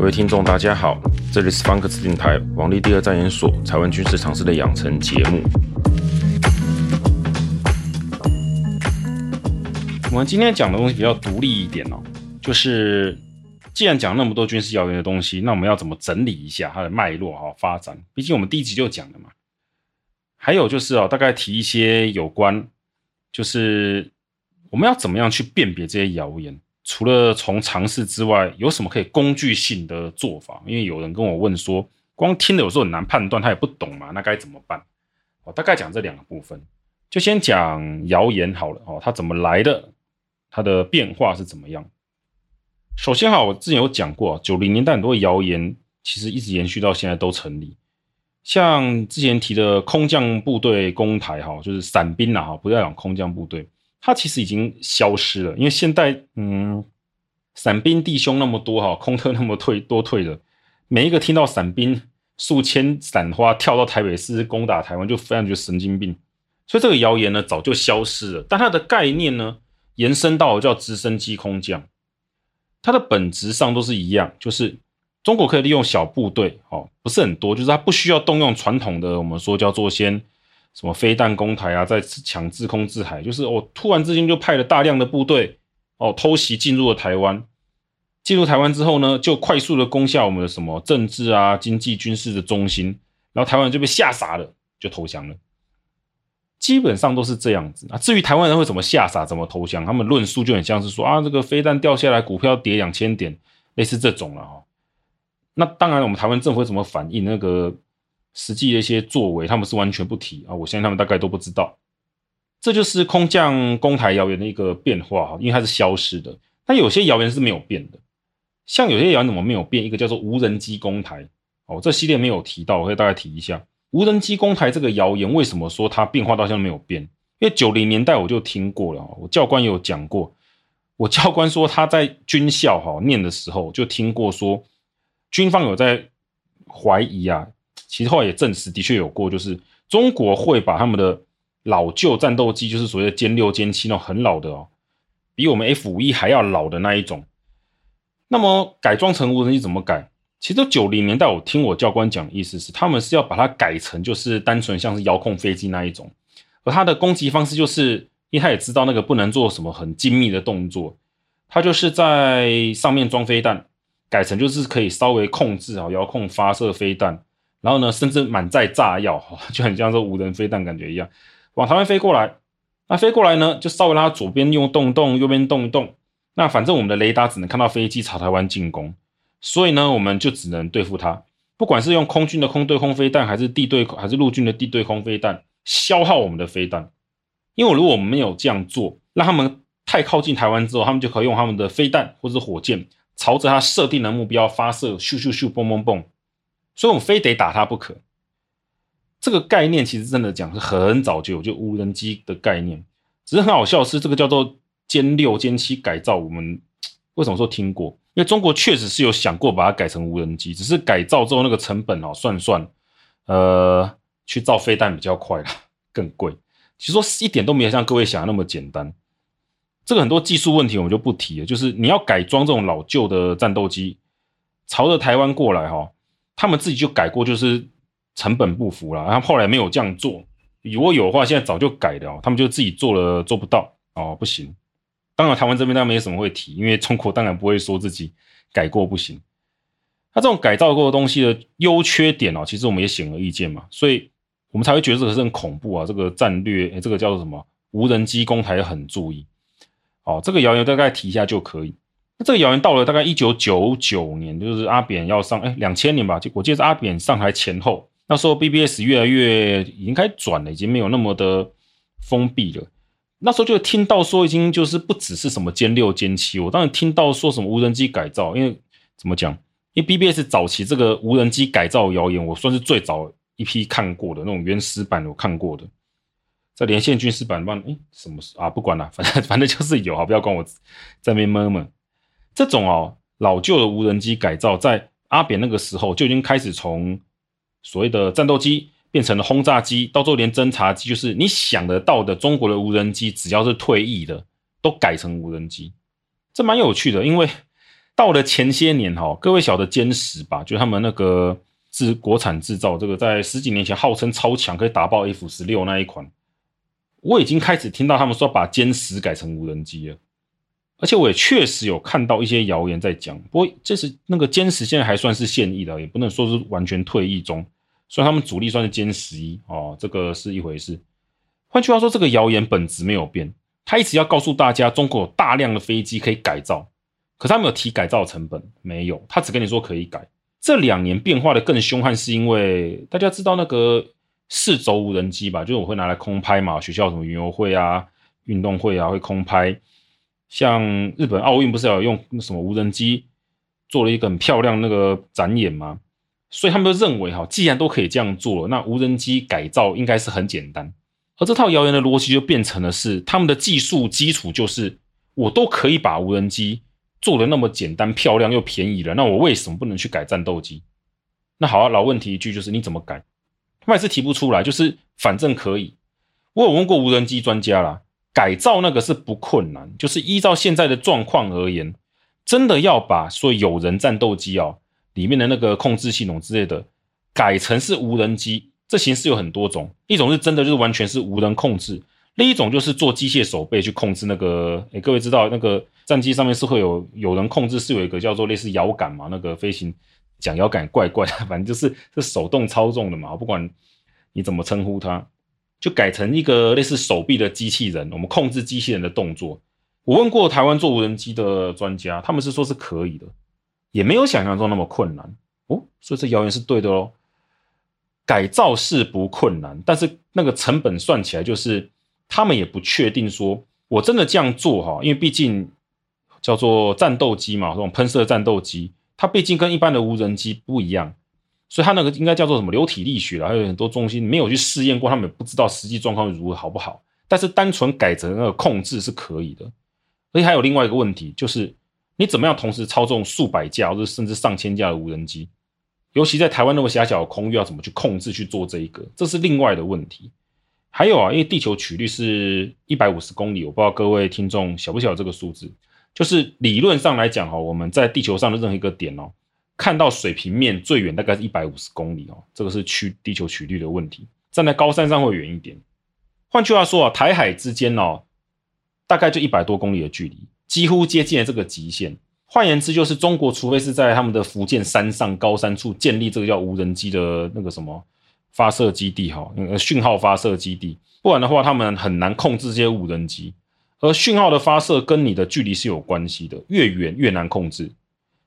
各位聽眾，大家好，這裡是方格子電台王立第二戰研所台灣軍事常識的養成節目。我們今天講的東西比較獨立一點哦，就是既然講那麼多軍事謠言的東西，那我們要怎麼整理一下它的脈絡和發展？畢竟我們第一集就講了嘛。還有就是哦，大概提一些有關，就是我們要怎麼樣去辨別這些謠言。除了從常識之外，有什麼可以工具性的做法？因為有人跟我問說，光聽的有時候很難判斷，他也不懂嘛，那該怎麼辦？我大概講這兩個部分，就先講謠言好了哦，它怎麼來的，它的變化是怎麼樣？首先哈，我之前有講過，九零年代很多謠言其實一直延續到現在都成立，像之前提的空降部隊攻台哈，就是傘兵啦哈，不要講空降部隊。它其實已經消失了，因為現在嗯，傘兵弟兄那麼多哈，空特那麼退多退了，每一個聽到傘兵數千傘花跳到台北市攻打台灣，就非常覺得神經病。所以這個謠言呢，早就消失了。但它的概念呢，延伸到叫直升機空降，它的本質上都是一樣，就是中國可以利用小部隊，哦，不是很多，就是它不需要動用傳統的我們說叫做先。什麼飛彈攻台啊，在搶制空制海，就是我、哦、突然之間就派了大量的部隊哦，偷襲進入了台灣，進入台灣之後呢，就快速的攻下我們的什麼政治啊、經濟、軍事的中心，然後台灣就被嚇傻了，就投降了。基本上都是這樣子啊。至於台灣人會怎麼嚇傻、怎麼投降，他們論述就很像是說啊，這個飛彈掉下來，股票跌兩千點，類似這種了哈、哦。那當然，我們台灣政府會怎麼反應？那個。實際的一些作為，他們是完全不提啊！我相信他們大概都不知道。這就是空降攻台謠言的一個變化哈，因為它是消失的。但有些謠言是沒有變的，像有些謠言怎麼沒有變？一個叫做無人機攻台哦，這系列沒有提到，我可以大概提一下。無人機攻台這個謠言為什麼說它變化到現在沒有變？因為九零年代我就聽過了，我教官有講過。我教官說他在軍校哈念的時候就聽過說，軍方有在懷疑啊。其實後來也證實，的確有過，就是中國會把他們的老舊戰鬥機，就是所謂的殲六、殲七那種很老的哦，比我們 F 五 E 還要老的那一種。那麼改裝成無人機怎麼改？其實九零年代我聽我教官講的意思是，他們是要把它改成就是單純像是遙控飛機那一種，而它的攻擊方式就是，因為他也知道那個不能做什麼很精密的動作，他就是在上面裝飛彈，改成就是可以稍微控制啊遙控發射飛彈。然後呢，甚至滿載炸藥，就很像說無人飛彈感覺一樣，往台灣飛過來。那飛過來呢，就稍微拉左邊用動動，右邊動一動。那反正我們的雷達只能看到飛機朝台灣進攻，所以呢，我們就只能對付它。不管是用空軍的空對空飛彈，還是地對，還是陸軍的地對空飛彈，消耗我們的飛彈。因為如果我們沒有這樣做，讓他們太靠近台灣之後，他們就可以用他們的飛彈或者是火箭，朝着他設定的目標發射，咻咻咻咻，嘣嘣嘣。所以，我們非得打它不可。這個概念其實真的講是很早就有，就無人機的概念，只是很好笑的是這個叫做殲六、殲七改造。我們為什麼說聽過？因為中國確實是有想過把它改成無人機，只是改造之後那個成本啊、哦，算算，呃，去造飛彈比較快了，更貴。其實說一點都沒有像各位想的那麼簡單。這個很多技術問題我們就不提了，就是你要改裝這種老舊的戰鬥機，朝着台灣過來哈、哦。他們自己就改過，就是成本不符了，然後後來沒有這樣做。如果有的話，現在早就改了。他們就自己做了做不到哦，不行。當然，台灣這邊他們沒什麼會提，因為中國當然不會說自己改過不行。那、啊、這種改造過的東西的優缺點哦，其實我們也顯而易見嘛，所以我們才會覺得這個很恐怖啊。這個戰略，欸、這個叫做什麼？無人機攻台很注意。哦，這個謠言大概提一下就可以。這個謠言到了大概一九九九年，就是阿扁要上，哎，兩千年吧，就我記得是阿扁上台前後，那時候 BBS 越來越已經開始轉了，已經沒有那麼的封閉了。那時候就聽到說已經就是不只是什麼殲六殲七，我當時聽到說什麼無人機改造，因為怎麼講？因為 BBS 早期這個無人機改造謠言，我算是最早一批看過的那種原始版，我看過的，在連線軍事版問，哎，什麼事啊？不管了，反正反正就是有啊，不要管我，在那邊悶悶。這種哦，老舊的無人機改造，在阿扁那個時候就已經開始從所謂的戰鬥機變成了轟炸機，到最後連偵察機，就是你想得到的中國的無人機，只要是退役的都改成無人機，這蠻有趣的。因為到了前些年哈、喔，各位曉得殲十吧？就他們那個制，國產製造，這個在十幾年前號稱超強，可以打爆 F 十六那一款，我已經開始聽到他們說把殲十改成無人機了。而且我也確實有看到一些謠言在講，不過這是那個殲十現在還算是現役的，也不能說是完全退役中，所以他們主力算是殲十一哦，這個是一回事。換句話說，這個謠言本質沒有變，他一直要告訴大家中國有大量的飛機可以改造，可是他沒有提改造成本，沒有，他只跟你說可以改。這兩年變化的更兇悍，是因為大家知道那個四軸無人機吧，就是我會拿來空拍嘛，學校什麼園遊會啊、運動會啊會空拍。像日本奧運不是要用什麼無人機做了一個很漂亮那個展演嗎？所以他們都認為哈、哦，既然都可以這樣做了，那無人機改造應該是很簡單。而這套謠言的邏輯就變成了是他們的技術基礎，就是我都可以把無人機做得那麼簡單漂亮又便宜了，那我為什麼不能去改戰鬥機？那好啊，老問題一句就是你怎麼改？他們還是提不出來，就是反正可以。我有問過無人機專家啦。改造那個是不困難，就是依照現在的狀況而言，真的要把說有人戰鬥機哦，裡面的那個控制系統之類的改成是無人機。這形式有很多種，一種是真的就是完全是無人控制，另一種就是做機械手背去控制那個。哎，各位知道那個戰機上面是會有有人控制，是有一個叫做類似搖桿嘛，那個飛行講搖桿怪怪的，反正就是是手動操縱的嘛，不管你怎麼稱呼它。就改成一個類似手臂的機器人，我們控制機器人的動作。我問過台灣做無人機的專家，他們是說是可以的，也沒有想象中那麼困難。哦，所以這謠言是對的咯。改造是不困難，但是那個成本算起來，就是他們也不確定說我真的這樣做哈，因為畢竟叫做戰鬥機嘛，這種噴射戰鬥機，它畢竟跟一般的無人機不一樣。所以它那個應該叫做什麼流體力學了，還有很多中心沒有去試驗過，他們也不知道實際狀況如何好不好。但是單純改成那個控制是可以的，所以還有另外一個問題，就是你怎麼樣同時操縱數百架或者甚至上千架的無人機，尤其在台灣那麼狹小的空域，要怎麼去控制去做這一個，這是另外的問題。還有啊，因為地球曲率是一百五十公里，我不知道各位聽眾曉不曉得這個數字，就是理論上來講哈、哦，我們在地球上的任何一個點哦。看到水平面最遠大概是一百五十公里哦，這個是曲地球曲率的問題。站在高山上會遠一點。換句話說啊，台海之間哦，大概就一百多公里的距離，幾乎接近了這個極限。換言之，就是中國除非是在他們的福建山上高山處建立這個叫無人機的那個什麼發射基地哈、哦，那個訊號發射基地，不然的話他們很難控制這些無人機。而訊號的發射跟你的距離是有關係的，越遠越難控制。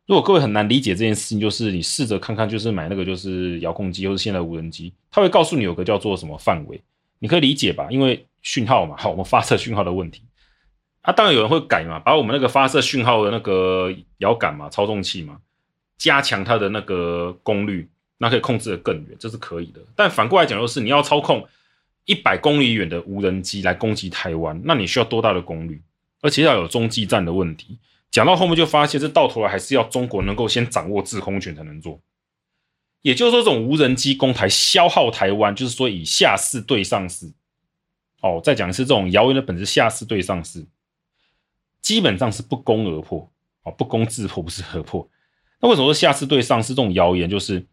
如果各位很難理解這件事情，就是你試着看看，就是買那個就是遙控機或是現在的無人機，它會告訴你有個叫做什麼範圍，你可以理解吧？因為訊號嘛，好，我們發射訊號的問題，啊，當然有人會改嘛，把我們那個發射訊號的那個搖桿嘛、操縱器嘛，加強它的那個功率，那可以控制得更遠，這是可以的。但反過來講，就是你要操控一百公里遠的無人機來攻擊台灣，那你需要多大的功率？而且要有中繼站的問題。講到後面就發現，這到頭來還是要中國能夠先掌握制空權才能做。也就是說，這種無人機攻台消耗台灣，就是說以下駟對上駟。哦，再講一次，這種謠言的本質下駟對上駟，基本上是不攻而破。哦，不攻自破，不是而破？那為什麼說下駟對上駟這種謠言就是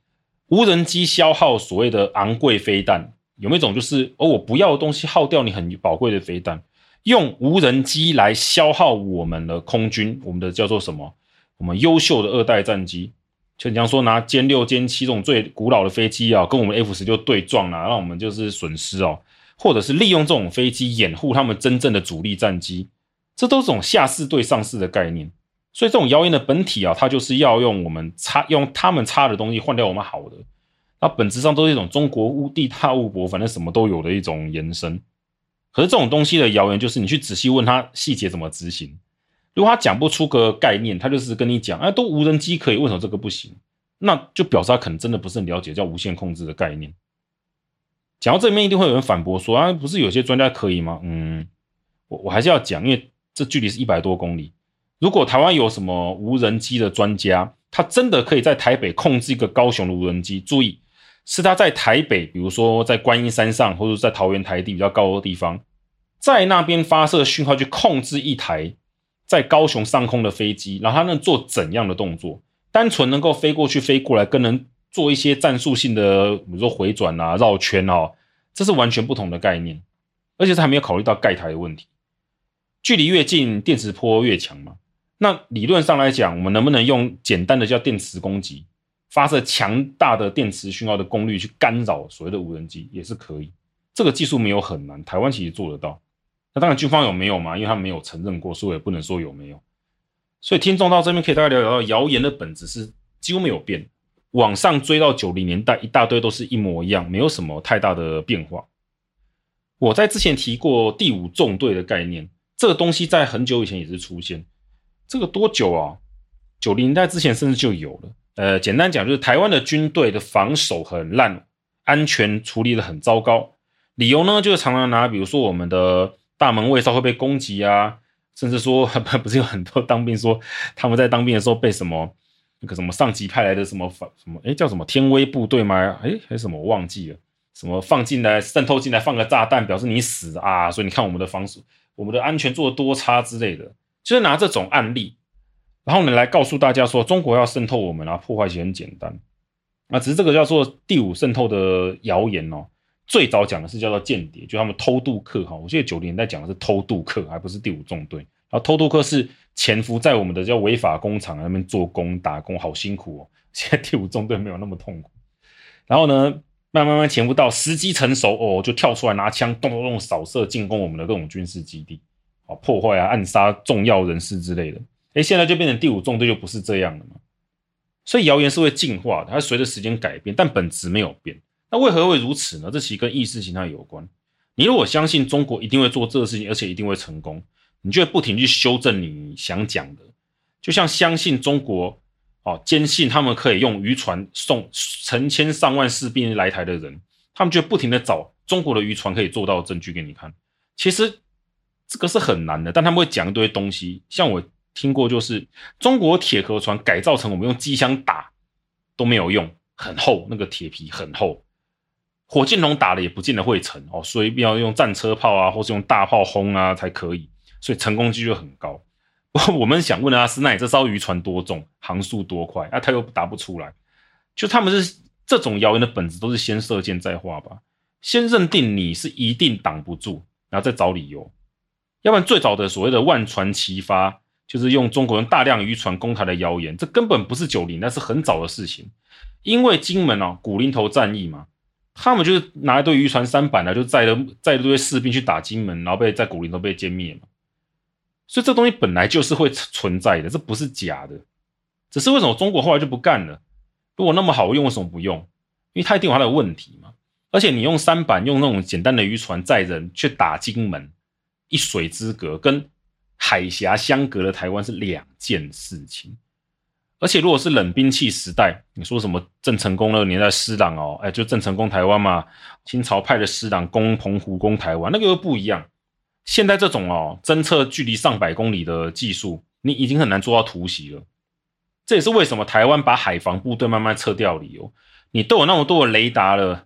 無人機消耗所謂的昂貴飛彈？有沒有一種就是，哦，我不要的東西耗掉你很寶貴的飛彈？用無人機來消耗我們的空軍，我們的叫做什麼？我們優秀的二代戰機，就你講說拿殲六、殲七這種最古老的飛機啊，跟我們 F16 對撞了，啊，讓我們就是損失哦，啊，或者是利用這種飛機掩護他們真正的主力戰機，這都是這種下士對上士的概念。所以這種謠言的本體啊，它就是要用我們差，用他們差的東西換掉我們好的，那本質上都是一種中國物地大物博，反正什麼都有的一種延伸。可是這種東西的謠言，就是你去仔細問他細節怎麼執行，如果他講不出個概念，他就是跟你講，啊，都無人機可以，為什麼這個不行？那就表示他可能真的不是很了解叫無線控制的概念。講到這裡面，一定會有人反駁說，啊，不是有些專家可以嗎？嗯，我我還是要講，因為這距離是一百多公里，如果台灣有什麼無人機的專家，他真的可以在台北控制一個高雄的無人機，注意，是他在台北，比如說在觀音山上，或者在桃園台地比較高的地方，在那邊發射訊號去控制一台在高雄上空的飛機，然後他能做怎樣的動作？單純能夠飛過去、飛過來，跟人做一些戰術性的，比如說回轉啊、繞圈啊，這是完全不同的概念。而且他還沒有考慮到蓋台的問題，距離越近，電磁波越強嘛。那理論上來講，我們能不能用簡單的叫電磁攻擊？發射強大的電磁訊號的功率去干擾所謂的無人機，也是可以，這個技術沒有很難，台灣其實做得到。那當然軍方有沒有嘛？因為他沒有承認過，所以也不能說有沒有。所以聽眾到這邊可以大概了解到，謠言的本質是幾乎沒有變，往上追到九零年代，一大堆都是一模一樣，沒有什麼太大的變化。我在之前提過第五縱隊的概念，這個東西在很久以前也是出現，這個多久啊？九零年代之前甚至就有了。呃，簡單講就是台灣的軍隊的防守很爛，安全處理得很糟糕。理由呢，就是常常拿，比如說我們的大門衛哨會被攻擊啊，甚至說，不是有很多當兵說他們在當兵的時候被什麼那個什麼上級派來的什麼什麼，哎、欸，叫什麼天威部隊嗎？哎、欸，還是什麼我忘記了，什麼放進來滲透進來放個炸彈表示你死啊！所以你看我們的防守，我們的安全做得多差之類的，就是拿這種案例。然後呢，來告訴大家說，中國要滲透我們啊，破壞其實很簡單。啊，只是這個叫做第五滲透的謠言哦。最早講的是叫做間諜，就他們偷渡客哈。我記得九零年代講的是偷渡客，還不是第五縱隊。然後偷渡客是潛伏在我們的叫違法工廠那邊做工打工，好辛苦哦。現在第五縱隊沒有那麼痛苦。然後呢，慢慢慢慢潛伏到時機成熟哦，就跳出來拿槍咚咚掃射進攻我們的各種軍事基地啊，破壞啊，暗殺重要人士之類的。欸，現在就變成第五縱隊就不是這樣了嘛。所以謠言是會進化的，它隨着時間改變，但本質沒有變。那為何會如此呢？這其實跟意識形態有關。你如果相信中國一定會做這個事情，而且一定會成功，你就會不停去修正你想講的。就像相信中國，哦，堅信他們可以用漁船送成千上萬士兵來台的人，他們就會不停的找中國的漁船可以做到證據給你看。其實這個是很難的，但他們會講一堆東西，像我。聽過就是中國鐵殼船改造成我們用機槍打都沒有用，很厚那個鐵皮很厚，火箭筒打了也不見得會沉哦，所以一定要用戰車炮啊，或是用大炮轟啊才可以，所以成功幾率就很高。我我們想問阿斯奈這艘漁船多重，航速多快？啊，他又答不出來。就他們是這種謠言的本質都是先射箭再畫靶，先認定你是一定擋不住，然後再找理由。要不然最早的所謂的萬船齊發。就是用中國用大量漁船攻台的謠言，這根本不是九零，那是很早的事情。因為金門哦，古寧頭戰役嘛，他們就是拿一堆漁船三板啊，就載了載一堆士兵去打金門，然後被在古寧頭被殲滅嘛。所以這東西本來就是會存在的，這不是假的。只是為什麼中國後來就不幹了？如果那麼好用，為什麼不用？因為它一定有它的問題嘛。而且你用三板，用那種簡單的漁船載人去打金門，一水之隔跟。海峽相隔的台灣是兩件事情，而且如果是冷兵器時代，你說什麼鄭成功那個年代施琅哦，哎，就鄭成功台灣嘛，清朝派的施琅攻澎湖、攻台灣，那個又不一樣。現在這種哦，偵測距離上百公里的技術，你已經很難做到突襲了。這也是為什麼台灣把海防部隊慢慢撤掉理由。你都有那麼多的雷達了，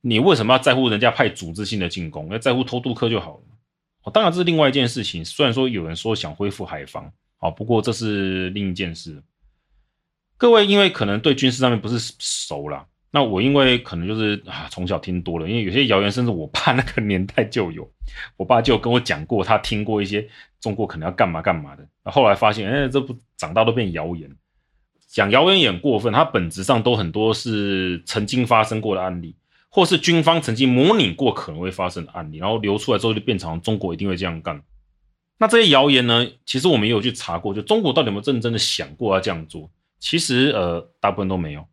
你為什麼要在乎人家派組織性的進攻？要在乎偷渡客就好了。當然這是另外一件事情。雖然說有人說想恢復海防，好，不過這是另一件事。各位，因為可能對軍事上面不是熟啦，那我因為可能就是啊，從小聽多了。因為有些謠言，甚至我爸那個年代就有，我爸就跟我講過，他聽過一些中國可能要幹嘛幹嘛的。後，後來發現，哎，這不長大都變謠言。講謠言也很過分，它本質上都很多是曾經發生過的案例。或是軍方曾經模擬過可能會發生的案例，然後流出來之後就變成中國一定會這樣幹。那這些謠言呢？其實我們也有去查過，就中國到底有沒有認真的想過要這樣做？其實呃，大部分都沒有。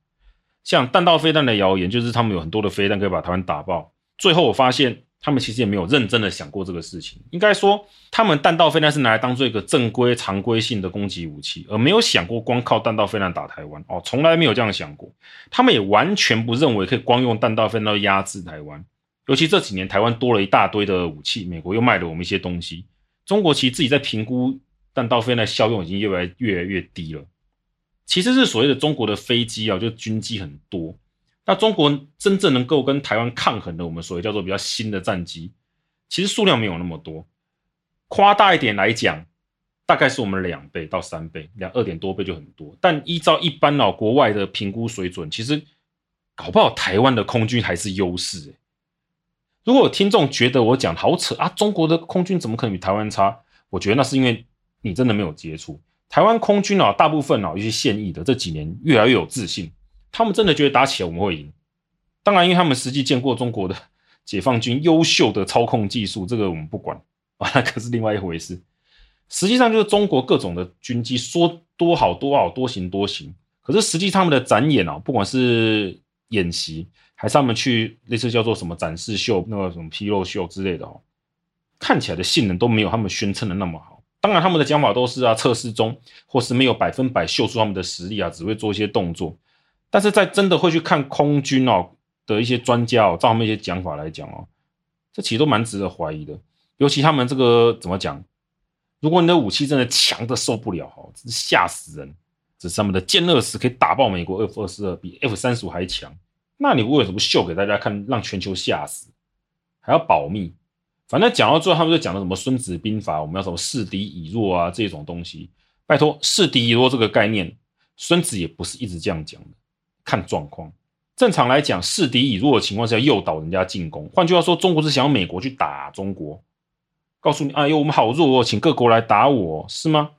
像彈道飛彈的謠言，就是他們有很多的飛彈可以把台灣打爆。最後我發現，他們其實也沒有認真的想過這個事情，應該說，他們彈道飛彈是拿來當作一個正規常規性的攻擊武器，而沒有想過光靠彈道飛彈打台灣哦，從來沒有這樣想過。他們也完全不認為可以光用彈道飛彈壓制台灣，尤其這幾年台灣多了一大堆的武器，美國又賣了我們一些東西，中國其實自己在評估彈道飛彈的效用已經越來越來越低了，其實是所謂的中國的飛機啊，就軍機很多。那中國真正能夠跟台灣抗衡的，我們所謂叫做比較新的戰機，其實數量沒有那麼多。誇大一點來講，大概是我們兩倍到三倍，兩二點多倍就很多。但依照一般哦，國外的評估水準，其實搞不好台灣的空軍還是優勢。如果聽眾覺得我講好扯啊，中國的空軍怎麼可能比台灣差？我覺得那是因為你真的沒有接觸台灣空軍哦，大部分哦，一些現役的這幾年越來越有自信。他們真的覺得打起來我們會贏，當然，因為他們實際見過中國的解放軍優秀的操控技術，這個我們不管啊，那可是另外一回事。實際上，就是中國各種的軍機說多好多好多行多行，可是實際上他們的展演啊，不管是演習還是他們去類似叫做什麼展示秀、那個什麼披露秀之類的啊，看起來的性能都沒有他們宣稱的那麼好。當然，他們的講法都是啊，測試中或是沒有百分百秀出他們的實力啊，只會做一些動作。但是在真的會去看空軍哦的一些專家哦，照他們一些講法來講哦，這其實都蠻值得懷疑的。尤其他們這個怎麼講？如果你的武器真的強得受不了，哈，真是嚇死人！這是他們的殲二十可以打爆美國 F 二十二，比 F 三十五還強，那你為什麼秀給大家看，讓全球嚇死，還要保密？反正講到最後，他們就講了什麼《孫子兵法》，我們要什麼示敵以弱啊這種東西。拜托，示敵以弱這個概念，孫子也不是一直這樣講的。看狀況，正常來講，示敵以弱的情況是要誘導人家進攻。換句話說，中國是想要美國去打中國，告訴你哎呦，我們好弱哦，請各國來打我是嗎？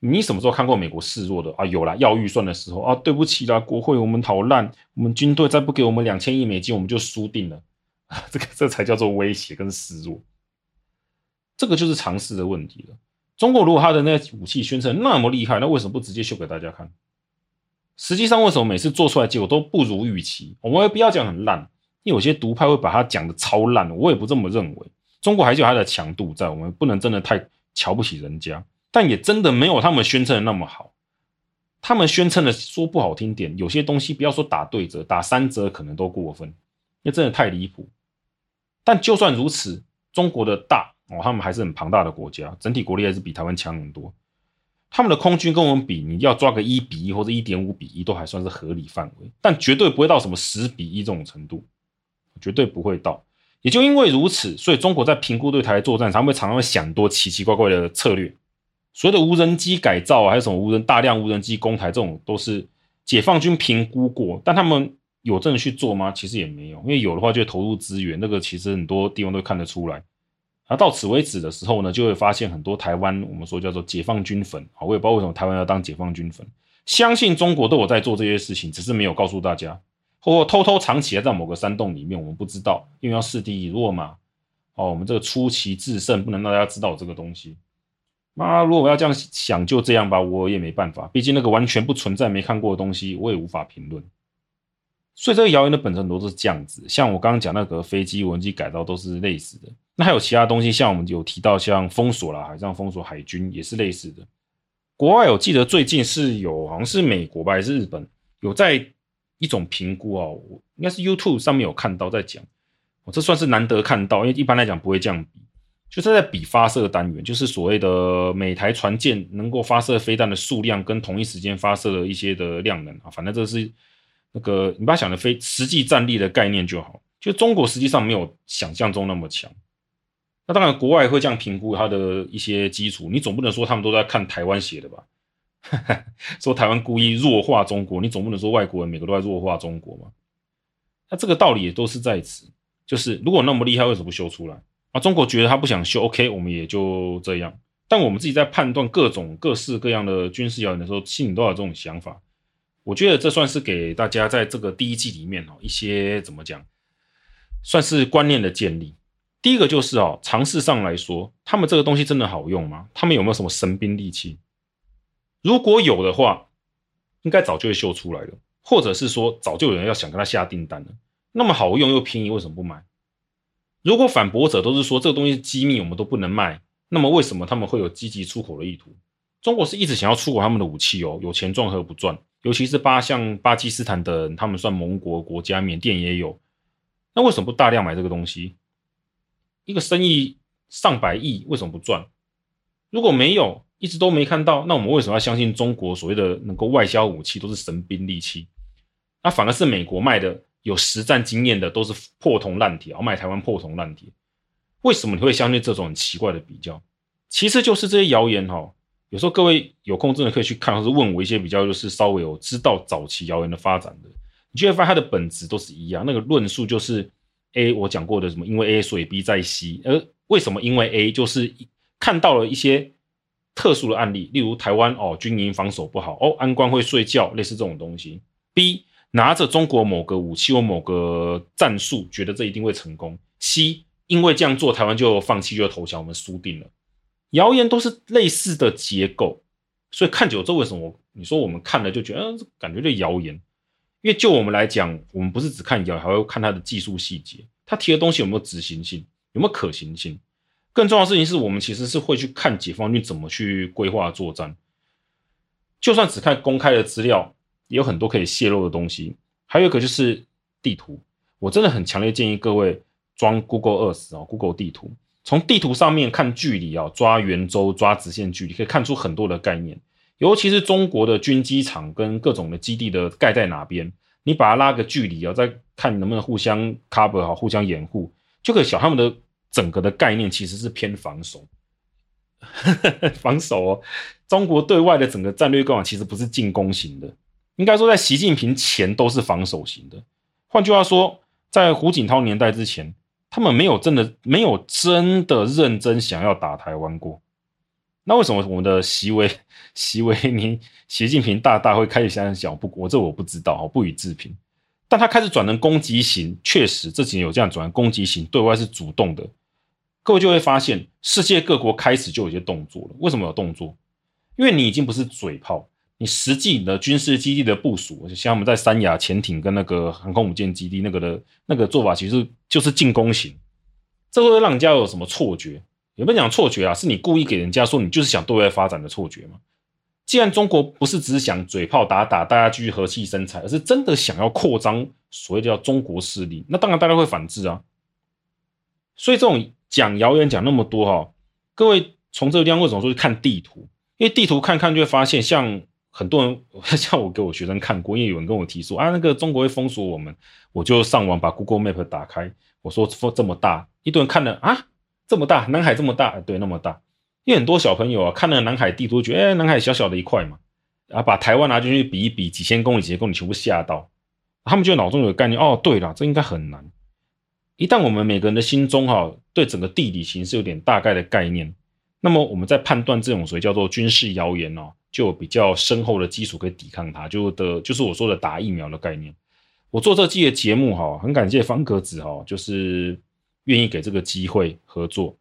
你什麼時候看過美國示弱的啊？有啦，要預算的時候啊，對不起啦，國會，我們好爛，我們軍隊再不給我們兩千億美金，我們就輸定了，啊、這個這才叫做威脅跟示弱。這個就是常識的問題了。中國如果他的那武器宣稱那麼厲害，那為什麼不直接秀給大家看？實際上，為什麼每次做出來的結果都不如預期？我們也不要講很爛，因為有些獨派會把它講的超爛，我也不這麼認為。中國還是有它的強度在，我們不能真的太瞧不起人家，但也真的沒有他們宣稱的那麼好。他們宣稱的說不好聽點，有些東西不要說打對折，打三折可能都過分，那真的太離譜。但就算如此，中國的大哦，他們還是很龐大的國家，整體國力還是比台灣強很多。他們的空軍跟我們比，你要抓個一比一或者一點五比一都還算是合理範圍，但絕對不會到什麼十比一這種程度，絕對不會到。也就因為如此，所以中國在評估對台作戰，常會常常會想多奇奇怪怪的策略。所有的無人機改造啊，還有什麼無人，大量無人機攻台這種，都是解放軍評估過，但他們有真的去做嗎？其實也沒有，因為有的話就投入資源，那個其實很多地方都看得出來。而到此為止的時候呢，就會發現很多台灣，我們說叫做解放軍粉，好，我也不知道為什麼台灣要當解放軍粉，相信中國都有在做這些事情，只是沒有告訴大家，或或偷偷藏起來在某個山洞裡面，我們不知道，因為要示敵以弱嘛，哦，我們這個出奇制勝，不能讓大家知道這個東西。那如果我要這樣想，就這樣吧，我也沒辦法，畢竟那個完全不存在、沒看過的東西，我也無法評論。所以這個謠言的本質很多都是這樣子，像我剛剛講那個飛機無人機改造都是類似的。那還有其他東西，像我們有提到，像封鎖啦，海上封鎖，海軍也是類似的。國外，我記得最近是有，好像是美國吧，還是日本，有在一種評估哦，應該是 YouTube 上面有看到在講，哦，這算是難得看到，因為一般來講不會這樣比，就是在比發射的單元，就是所謂的每台船艦能夠發射飛彈的數量，跟同一時間發射的一些的量能啊，反正這是那個你不要想著非實際戰力的概念就好，就中國實際上沒有想象中那麼強。那當然，國外會這樣評估它的一些基礎，你總不能說他們都在看台灣寫的吧？ 說台灣故意弱化中國，你總不能說外國人每個都在弱化中國嘛。那這個道理也都是在此，就是如果那麼厲害，為什麼不修出來啊？中國覺得他不想修，OK，我們也就這樣。但我們自己在判斷各種各式各樣的軍事謠言的時候，心裡都有這種想法。我覺得這算是給大家在這個第一季裡面哦，一些怎麼講，算是觀念的建立。第一個就是啊、哦，常識上來說，他們這個東西真的好用嗎？他們有沒有什麼神兵利器？如果有的話，應該早就會秀出來了，或者是說，早就有人要想跟他下訂單了。那麼好用又便宜，為什麼不買？如果反駁者都是說這個東西是機密，我們都不能賣，那麼為什麼他們會有積極出口的意圖？中國是一直想要出口他們的武器哦，有錢賺何不賺？尤其是巴像巴基斯坦等，他們算盟國國家，緬甸也有，那為什麼不大量買這個東西？一個生意上百億，為什麼不賺？如果沒有一直都沒看到，那我們為什麼要相信中國所謂的能夠外銷武器都是神兵利器？那反而是美國賣的有實戰經驗的都是破銅爛鐵啊，賣台灣破銅爛鐵。為什麼你會相信這種很奇怪的比較？其實就是這些謠言哈、哦。有時候各位有空真的可以去看，或是問我一些比較，就是稍微有知道早期謠言的發展的，你就會發現它的本質都是一樣。那個論述就是。A，我講過的什麼？因為 A 所以 B 在 C，而為什麼因為 A 就是看到了一些特殊的案例，例如台灣哦，軍營防守不好哦，安官會睡覺，類似這種東西。B 拿着中國某個武器或某個戰術，覺得這一定會成功。C 因為這樣做，台灣就放棄就投降，我們輸定了。謠言都是類似的結構，所以看久之後，這為什麼你說我們看了就覺得、呃、感覺這謠言？因為就我們來講，我們不是只看腳，還會看他的技術細節。他提的東西有沒有執行性，有沒有可行性？更重要的事情是，我們其實是會去看解放軍怎麼去規劃作戰。就算只看公開的資料，也有很多可以洩露的東西。還有一個就是地圖，我真的很強烈建議各位裝 Google Earth 啊，Google 地圖。從地圖上面看距離啊，抓圓周、抓直線距離，可以看出很多的概念。尤其是中國的軍機場跟各種的基地的蓋在哪邊，你把它拉個距離啊、哦，再看能不能互相 cover 好，互相掩護，就可以想像他們的整個的概念其實是偏防守， 防守。哦，中國對外的整個戰略構想其實不是進攻型的，應該說在習近平前都是防守型的。換句話說，在胡錦濤年代之前，他們沒有真的沒有真的認真想要打台灣過。那為什麼我們的習維、習維尼習近平大大會開始想想，講？不，我這我不知道，不予置評。但他開始轉成攻擊型，確實這幾年有這樣轉攻擊型，對外是主動的。各位就會發現，世界各國開始就有些動作了。為什麼有動作？因為你已經不是嘴炮，你實際的軍事基地的部署，就像我們在三亞潛艇跟那個航空母艦基地那個的，那個做法其實就是進、就是、進攻型。這會讓人家有什麼錯覺？有沒有講錯覺啊？是你故意給人家說你就是想對外發展的錯覺嗎？既然中國不是只想嘴炮打打，大家繼續和氣生財，而是真的想要擴張所謂叫中國勢力，那當然大家會反制啊。所以這種講謠言講那麼多哈、哦，各位從這個地方為什麼說去看地圖？因為地圖看看就會發現，像很多人像我給我學生看過，因為有人跟我提出啊，那個中國會封鎖我們，我就上網把 Google Map 打開，我說封這麼大，一堆人看了啊。這麼大，南海這麼大，對，那麼大。因為很多小朋友啊，看了南海地圖，覺得哎，南海小小的一塊嘛，啊，把台灣拿、啊、進去比一比，幾千公里，幾千公里，全部嚇到。他們就腦中有概念，哦，對了，這應該很難。一旦我們每個人的心中哈、啊，對整個地理形勢有點大概的概念，那麼我們在判斷這種所謂叫做軍事謠言哦、啊，就有比較深厚的基礎可以抵抗它，就的，就是我說的打疫苗的概念。我做這季的節目哈、啊，很感謝方格子哈、啊，就是。願意給這個機會合作，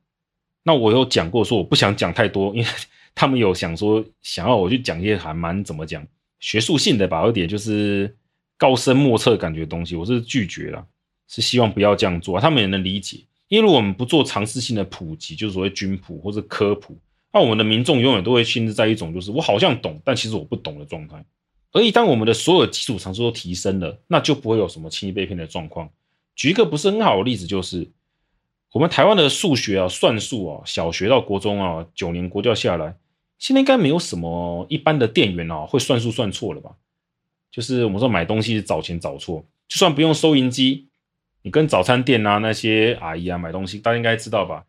那我有講過說我不想講太多，因為他們有想說想要我去講一些還蠻怎麼講學術性的吧，有點就是高深莫測的感覺的東西，我是拒絕了，是希望不要這樣做。他們也能理解，因為如果我們不做嘗試性的普及，就是、所謂軍普或者科普，那我們的民眾永遠都會限制在一種就是我好像懂，但其實我不懂的狀態。而一旦我們的所有基礎常識都提升了，那就不會有什麼輕易被騙的狀況。舉一個不是很好的例子就是。我們台灣的數學啊，算數啊，小學到國中啊，九年國教下來，現在應該沒有什麼一般的店員啊會算數算錯了吧？就是我們說買東西是找錢找錯，就算不用收銀機，你跟早餐店啊那些阿姨啊買東西，大家應該知道吧？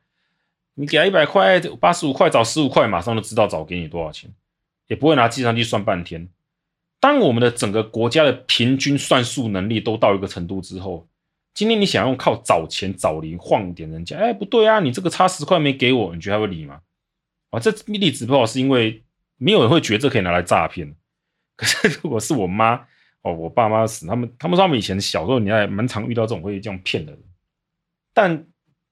你給他一百塊，八十五塊找十五塊，馬上就知道找給你多少錢，也不會拿計算機算半天。當我們的整個國家的平均算數能力都到一個程度之後，今天你想要用靠找錢找零晃一點人家？哎、欸，不對啊！你這個差十塊沒給我，你覺得他會理嗎？啊、哦，這例子不好，是因為沒有人會覺得這可以拿來詐騙。可是如果是我媽哦，我爸媽死，他們他們說，他們以前小時候，你還蠻常遇到這種會這樣騙的人。但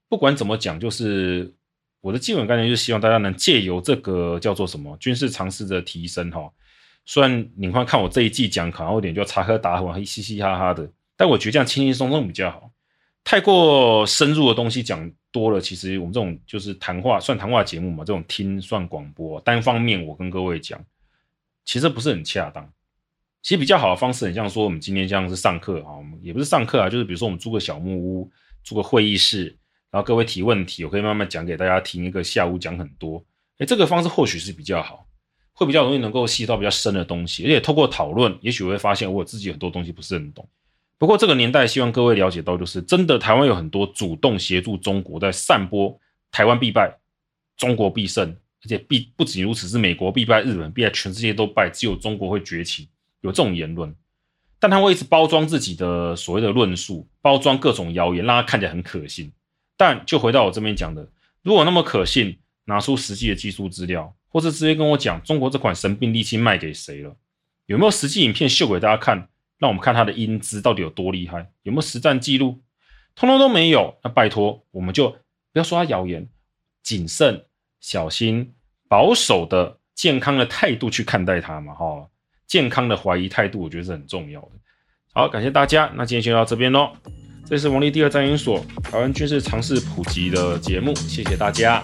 不管怎麼講，就是我的基本概念就是希望大家能借由這個叫做什麼軍事常識的提升哈、哦。雖然你快看，看我這一季講卡有點就插科，就插科打諢嘻嘻哈哈的。但我覺得這樣輕輕鬆鬆比較好，太過深入的東西講多了，其實我們這種就是談話算談話節目嘛，這種聽算廣播，單方面我跟各位講，其實不是很恰當。其實比較好的方式，很像說我們今天像是上課啊，我們也不是上課啊，就是比如說我們租個小木屋，租個會議室，然後各位提問題，我可以慢慢講給大家聽。一個下午講很多，哎，這個方式或許是比較好，會比較容易能夠吸到比較深的東西，而且透過討論，也許會發現我自己很多東西不是很懂。不過這個年代，希望各位了解到，就是真的台灣有很多主動協助中國在散播台灣必敗、中國必勝，而且必不僅如此，是美國必敗、日本必敗、全世界都敗，只有中國會崛起，有這種言論。但他會一直包裝自己的所謂的論述，包裝各種謠言，讓他看起來很可信。但就回到我這邊講的，如果那麼可信，拿出實際的技術資料，或是直接跟我講，中國這款神兵利器賣給誰了？有沒有實際影片秀給大家看？讓我們看他的英姿到底有多厲害，有沒有實戰記錄，通通都沒有。那拜託，我們就不要說他謠言，謹慎、小心、保守的健康的態度去看待他嘛，哈、哦。健康的懷疑態度，我覺得是很重要的。好，感謝大家，那今天就到這邊嘍。這是王立第二戰研所台灣軍事常識普及的節目，謝謝大家。